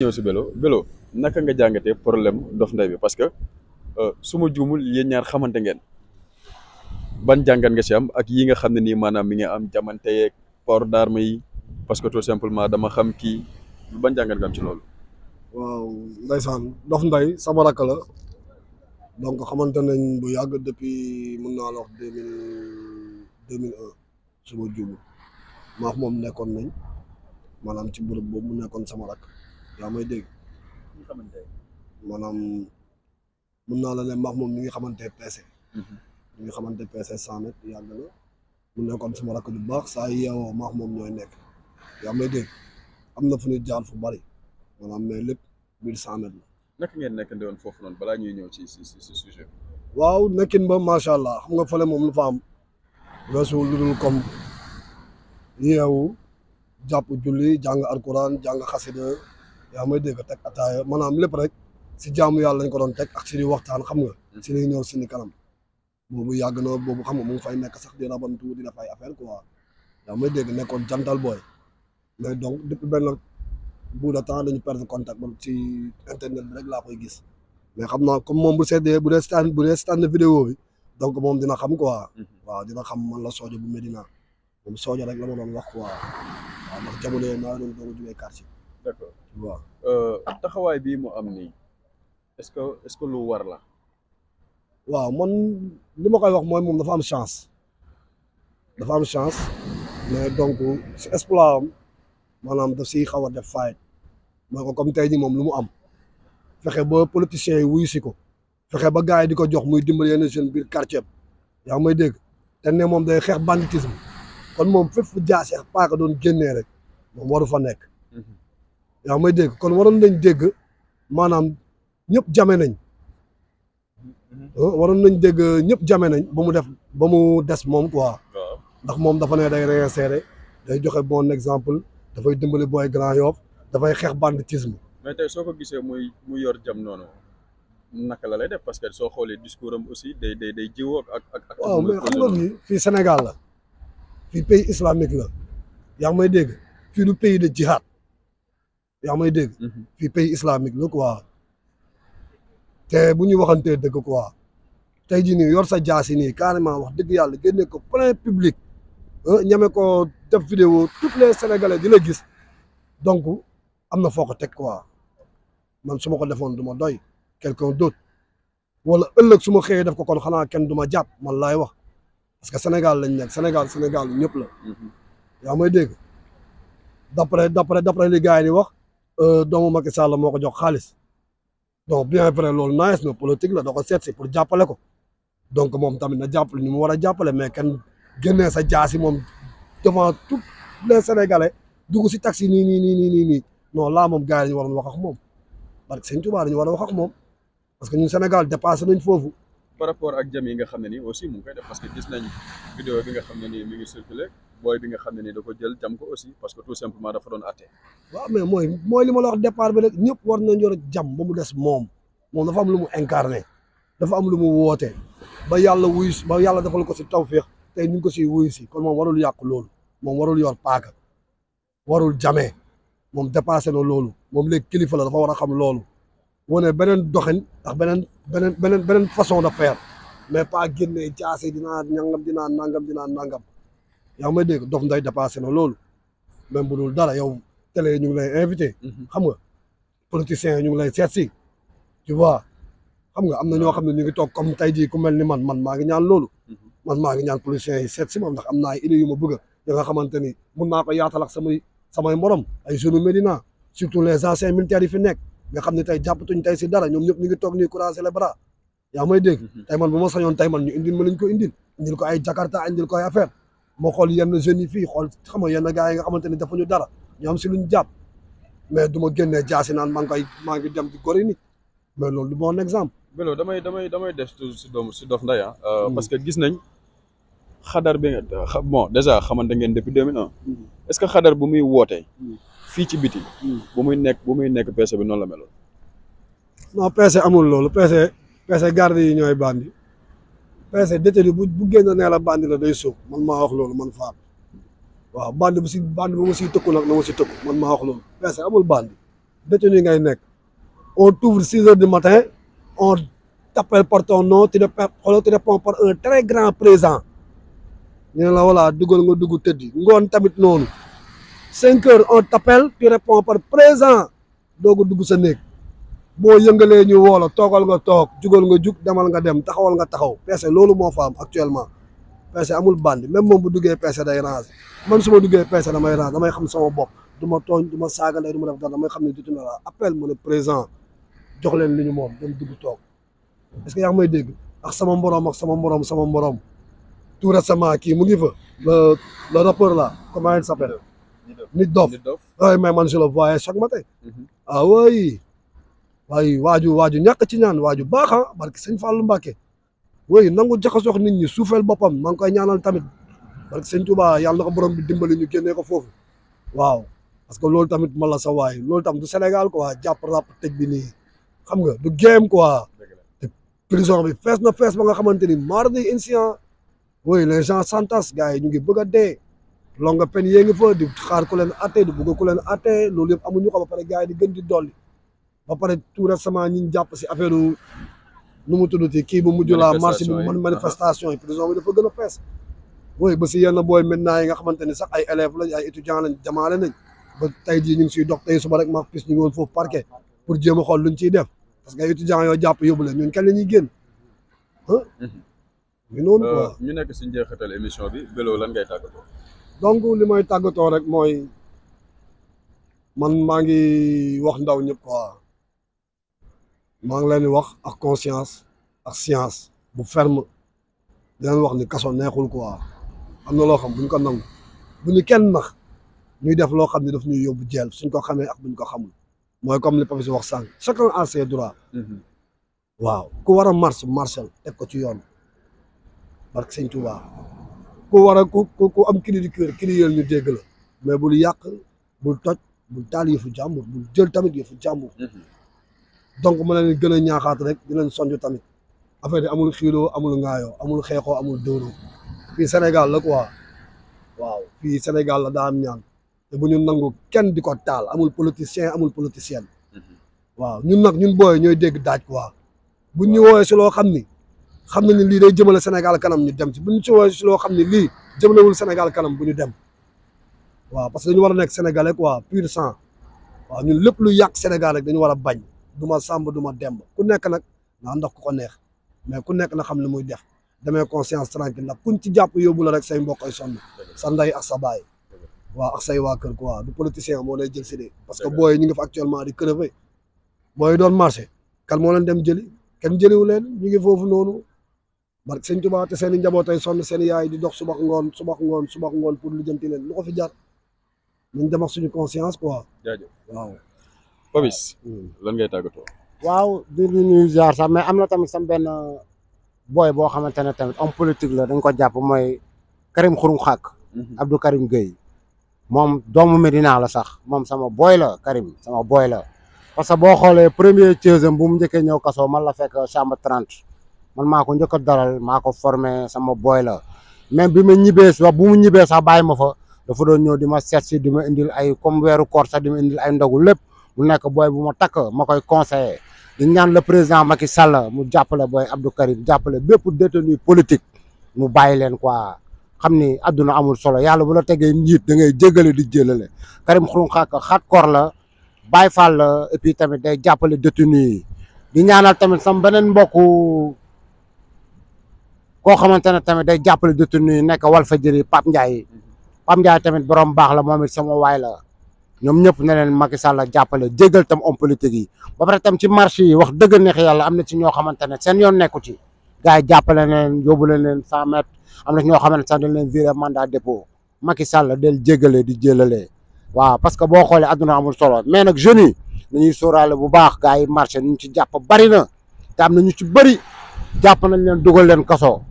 ñëw si Bello Bello naka nga jàngate problème Dof Ndeye bi parce que euh, suma ma juumul ñaar xamante ngeen ban jàngat nga si am ak yi nga xam ne nii maanaam mi ngi am jamante yeeg port d'arme yi parce que tout simplement dama xam kii ban jàngat nga am ci loolu. waaw ndeysaan Dof Ndeye sama rakk la donc xamante nañ bu yàgg depuis mun naa la wax ma moom nekkoon nañ maanaam ci bërëb boobu mu nekkoon sama rak yaa may dégg. maanaam mun naa la ne max moom ñu ngi xamante PC. Mhm. ñu ngi xamante PC cent mètres yàgg na mu nekkoon suma rakk bu baax saa yeewoo max moom ñooy nekk yaa may dégg am na fu ñu jaar fu bari maanaam mais lépp biir cent mètres la. naka ngeen nekkandi woon foofu noonu balaa ñuy ñëw si ci ci sujet waaw nekkin ba macha allah xam nga fële moom lu fa am weesu lu dul comme yeewu jàpp julli jàng alquran jàng xasida yaa may dégg teg ataaya maanaam lépp rek si jaamu yàlla lañ ko doon teg ak si waxtaan xam nga si lay ñëw suñu kanam boobu yàgg na boobu xam nga mu ngi fay nekk sax di rabantu di def ay affaire quoi yaa may dégg nekkoon jantal booy mais donc depuis benn bout de temps dañu perdre contact bam ci internet bi rek laa koy gis mais xam naa comme moom bu seddee bu dee stand bu dee stand vidéo bi donc moom dina xam quoi mhm. waaw dina xam man la Sodio bu Medina moom Sodio rek la ma doon wax quoi waaw ndax jamono yooyu maa waaw euh, taxawaay bii mu am nii est-ce que est-ce que lu war la. waaw man li ma koy wax mooy moom dafa am chance dafa am chance mais donc si exploit am maanaam daf siy xaw a def faay mooy ko comme tey jii moom lu mu am fexe ba politiciens yi wuyu si ko fexe ba gars yi di ko jox muy dimbali yenn jeune biir quartier yaa ngi may dégg te moom day xeex banditisme kon moom fépp fu jaasee paaka doon génnee rek moom waru fa nekk. yaa ma dégg kon waroon nañ dégg maanaam ñëpp jame nañ mm-hmm. waroon nañ dégg ñëpp jame nañ ba mu def ba mu des moom quoi ndax moom dafa ne day réinsérer day joxe bon exemple dafay dimbali booy Grand Yoff dafay xeex banditisme mais tey soo ko gisee muy muy yor jam noonu naka la lay def parce que soo xoolee discours am aussi day day day jiwoo ak ak ak waaw mais xam nga fii fii Sénégal la fii pays islamique la yaa ngi may dégg fii du pays de jihad yaa may dégg. Mhm. fii pays islamique la te bu ñu waxantee dégg quoi tey jii nii yor sa jaasi nii carrément wax dëgg yàlla génne ko plein public ñeme ko def vidéo tous les sénégalais di la gis donc am na foo ko teg quoi man su ko defoon duma doy quelqu'un d'autre wala ëllëg su ma xëyee def ko kon xanaa kenn du ma jàpp man laay wax parce que Sénégal lañ nekk Sénégal Sénégal ñëpp la. Mhm. yaa may dégg d'après d'après d'après li wax. Euh, doomu Macky Sall moo ko jox xaalis donc bien vrai loolu nice na politique la da ko seet si pour jàppale ko donc moom tamit na jàppale ni mu war a jàppale mais kenn génnee sa jaasi moom devant tous les sénégalais dugg si taxi nii ni nii nii nii nii non laa moom gars yi dañu waroon wax ak moom parce que Sëñ Tuubaa war a wax ak moom parce que Sénégal dépassé nañ foofu. par rapport ak jam yi nga xam ne nii aussi mu ngi koy def parce que gis nañ vidéo bi nga xam ne nii mi ngi circulé booy bi nga xam ne nii da jël jam ko aussi parce que tout simplement dafa doon atte waaw mais mooy mooy li ma la wax départ bi rek ñëpp war nañ yor jam ba mu des moom moom dafa am lu mu incarné dafa am lu mu woote ba yàlla wuyu ba yàlla defal ko si tawféex tey ñu ngi ko siy wuyu si kon moom warul yàq lool moom warul yor paaka warul jamee moom dépassé na loolu moom léegi kilifa la dafa war a xam loolu wane beneen doxin ndax beneen beneen beneen beneen façon de faire mais pas génne jaase dinaa ñangam dinaa nangam dinaa nangam yaa ngi may dégg Dof Nday dépassé na loolu même bu dul dara yow télé ñu ngi lay invité. Mhm. xam nga politiciens ñu ngi lay seet si tu vois xam nga am na ñoo xam ne ñu ngi toog comme tey jii ku mel ni man man maa ngi ñaan loolu. Mhm. man maa ngi ñaan politiciens yi seet si moom ndax am na ay idées yu ma bëgg ya nga xamante ni mun naa ko ak samay samay morom ay jeunes Médina surtout les anciens militaires yi fi nekk. nga xam ne tey jàppatuñ tey si dara ñoom ñëpp ñu ngi toog nii croiser les yaa may dégg mhm. tey bu ma sañoon tey man ñu indil ma lañ ko indil indil ko ay jakarta indil ko ay affaire moo xool yenn jeunes yi fii xool xam nga yenn gars yi nga xamante ne defuñu dara ñu am si luñ jàpp mais du ma génnee jaasi naan maa ngi koy maa ngi dem di gori ni mais loolu du bon exemple Bello damay damay damay des toujours si doomu Dof Ndeye ah. euh, mhm. parce que gis nañ xadar bi bon déjà xamante ngeen depuis 2001 mhm. est-ce que xadar bu muy wootee fii ci biti. bu muy nekk bu muy nekk PC bi noon la melo non PC amul loolu PC PC garde yi ñooy bandi PC détenu bu bu génn nee la bandi la day sóob man maa wax loolu man faam waaw bandi bu si bandi bu ma tëkku nag na ma si tëkku man maa wax loolu PC amul bandi détenu yi ngay nekk on t'ouvre six heures du matin on t'appelle par ton nom tu réponds par un très grand présent ñu la voilà dugal nga dugg tëddi ngoon tamit noonu cinq heures on t'appelle tu réponds par présent dooga dugg sa néeg boo yëngalee ñu woo toogal nga toog jugal nga jug demal nga dem taxawal nga taxaw peese loolu moo fa am actuellement peese amul bandi même moom bu duggee peese day range man su ma duggee peese damay range damay xam sama bopp du ma tooñ du ma saaga ndey du ma def dara damay xam ne dutuna la appel mu ne présent jox leen li ñu moom dem dugg toog est-ce que yaa may dégg ak sama mborom ak sama mborom sama mborom tout récemment kii mu ngi fa le le rappeur là comment il nit dof waaye mais man je le voyais chaque matin mhm. ah oui waaye waaju waaju ñàkk ci ñaan waaju baax ah barke sëñ Fallou Mbacke oui nangu jaxasox nit ñi suufeel boppam maa ngi koy ñaanal tamit barke sëñ Touba yàlla na ko bi dimbali ñu génnee ko foofu waaw parce que loolu tamit man la sa waay loolu tamit du senegal quoi jàpp rap tëj bi nii xam nga du game quoi te prison bi fees na fees ba nga xamante ni mardi instant oui les gens s'entassent yi ñu ngi bëgg a dee longue pen yee ngi fa di xaar ku leen atte di bugg ku leen atte loolu yëpp amuñu ko ba pare gars di gën di dolli ba pare tout récemment ñi ñu jàpp si affaire nu mu tuddati kii bu mujj laa marche i man manifestation yi prison bi dafa gën a fees booy ba si yenn booy maintenant nga xamante ne sax ay élèves lañ ay étudiants lañ jamaale nañ ba tey jii ñu ngi siy dox tey suba rek maa pis ñu ngi woon foofu parquet pour jéem a xool luñ ciy def parce que ay étudiants yoo jàpp yóbbu leen ñun kañ la ñuy génn ah. ñu noonu euh, quoi ñu nekk si émission bi Bello lan ngay donc li may tàggatoo rek mooy man maa ngi wax ndaw ñëpp ko maa ngi leen di wax ak conscience ak science bu ferm di leen wax ni kaso neexul quoi am na loo xam buñ ko nangu bu ñu kenn nax ñuy def loo xam ne daf ñuy yóbbu jeel suñ ko xamee ak buñ ko xamul mooy comme li professeur wax sànq chacun a ses droits mhm. waaw ku war a marche marchal teg ko ci yoon barke sëñ Tuubaa ku war a ku ku am cri du cœur cri ñu dégg la mais bul yàq bul toj bul taal yëfu jàmbur bul jël tamit yëfu jàmbur mhm. donc ma leen gën a ñaaxaat rek di leen sonj tamit affaire yi amul xiiroo amul ŋaayoo amul xeexoo amul dóoroo fii Sénégal la quoi waaw fii Sénégal la daa am te bu ñu nangu kenn di ko taal amul politicien amul politicienne mhm. waaw ñun nag ñun booy ñooy dégg daaj quoi bu ñu woowee si loo xam ni xam na ne lii day jëmale Sénégal kanam ñu dem ci bu ñu ci woo si loo xam ne lii jëmalewul Sénégal kanam bu ñu dem waaw parce que dañu war a nekk sénégalais quoi pur sang waaw ñun lépp lu yàq Sénégal rek dañu war a bañ du ma sàmb du ma demb ku nekk nag naa ndax ku ko neex mais ku nekk na xam ne muy def demee conscience tranquille nag kuñ ci jàpp yóbbu la rek say mbokk ay sonn sa ndey ak baay waaw ak say waa kër quoi du politicien moo lay jël si de parce que booy ñu ngi fa actuellement di crever booy doon marché kan moo leen dem jëli kenn jëliwu leen ñu ngi foofu noonu barke sëñ Tuubaa te seen i njabootay sonn seen yaay di dox suba ngoon suba ngoon suba ngoon pour lu jënti leen lu ko fi jar nañ dem ak suñu conscience quoi. jaajëf waaw. Papis hmm. lan waaw di nuyu ziar sax mais am na tamit sam benn boy boo xamante ne tamit homme politique la dañ ko jàpp mooy Karim Xurum Xàkk. Mhm. Abdou Karim Gueye. moom doomu Medina la sax moom sama booy la Karim sama booy la parce que boo xoolee premier chaise bu mu njëkkee ñëw kasoo man la fekk chambre 30. man maa ko njëkk a dalal maa ko formé sama boy la même bi ma ñibbee sax bu mu ñibbee sax bàyyi ma fa dafa doon ñëw di ma seet di ma indil ay comme weeru koor sax di ma indil ay ndogu lépp mu nekk booy bu ma takk ma koy conseillé di ñaan la président Macky Sall mu jàppale booy Abdou Karim jàppale bépp détenu politique mu bàyyi leen quoi xam ni àdduna amul solo yàlla bu la tegee njiit da ngay jégale di jélale Karim Xrum Xax xaat koor la Baye Fall la et puis tamit day jàppale détenu yi koo xamante ne tamit day jàppale détenu yi nekk Walfadjri Pape Ndiaye Pape Ndiaye tamit borom baax la moom it sama waay la ñoom ñëpp ne maki Macky Sall jàppale jéggal tam homme politique yi ba pare tam ci marché yi wax dëgg neex yàlla am na ci ñoo xamante ne seen yoon nekku ci gars yi jàppale leen yóbbu leen leen cent mètres am na ci ñoo xamante sax dañ leen viré mandat dépôt Macky del jéggale di jélalee waaw parce que boo xoolee adduna amul solo mais nag jeunes yi nañuy sóoraale bu baax gars yi marché ñu ci jàpp bari na te am ci bëri jàpp nañ leen dugal leen kaso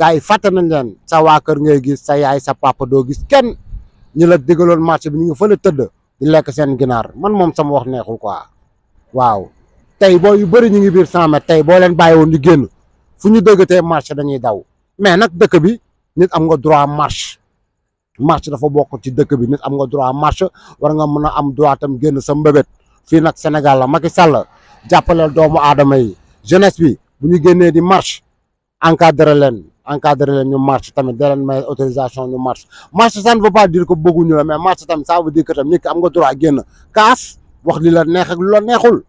gars yi fàtte nañ leen sa waa kër ngay gis sa yaay sa papa doo gis kenn ñi la digaloon marché bi ñu ngi fële tëdd di lekk seen ginaar man moom sama wax neexul quoi waaw tey boo yu bëri ñu ngi biir 100 mètres tey boo leen bàyyi woon di génn fu ñu dëggatee marché dañuy daw mais nag dëkk bi nit am nga droit marche marche dafa bokk ci dëkk bi nit am nga droit marche war nga mën a am droit tam génn sa mbébét fii nag Sénégal la Macky Sall jàppaleel doomu aadama yi jeunesse bi bu di marche encadré leen encadré leen ñu marche tamit da leen ñu marche marche ça ne veut pas dire la mais marche tamit ça veut dire que tam nit ki am nga droit génn kaas wax li la neex lu la neexul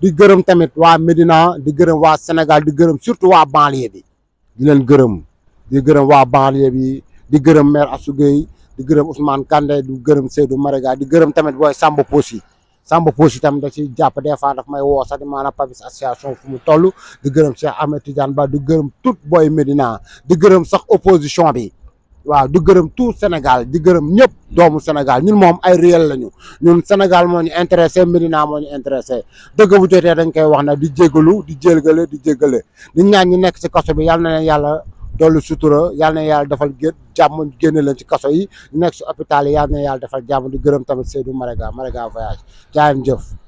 di gërëm tamit waa Médina di gërëm waa Sénégal di gërëm surtout waa banlieue bi di leen gërëm di gërëm waa banlieue bi di gërëm maire Assou Gueye di gërëm Ousmane Kandé di gërëm Seydou Maraga di gërëm tamit booy Samba Posi Samba Pouche itam da ci jàpp des fois daf may woo sax di maanaam Papis association fu mu toll di gërëm Cheikh Ahmed Ba di gërëm tout booy Médina di gërëm sax opposition bi waaw di gërëm tout Sénégal di gërëm ñëpp doomu Sénégal ñun moom ay réel lañu ñun Sénégal moo ñu intéressé Médina moo ñu intéressé dëgg bu jotee dañ koy wax na di jégalu di jégale di jégale di ñaan ñi nekk si kaso bi yàlla na leen yàlla dollu sutura yal na yàlla defal gén jàmm génne leen ci kaso yi nekk si hôpital yi yal na yàlla defal jàmm di gërëm tamit Seydou Maraga Maraga voyage jaayam jëf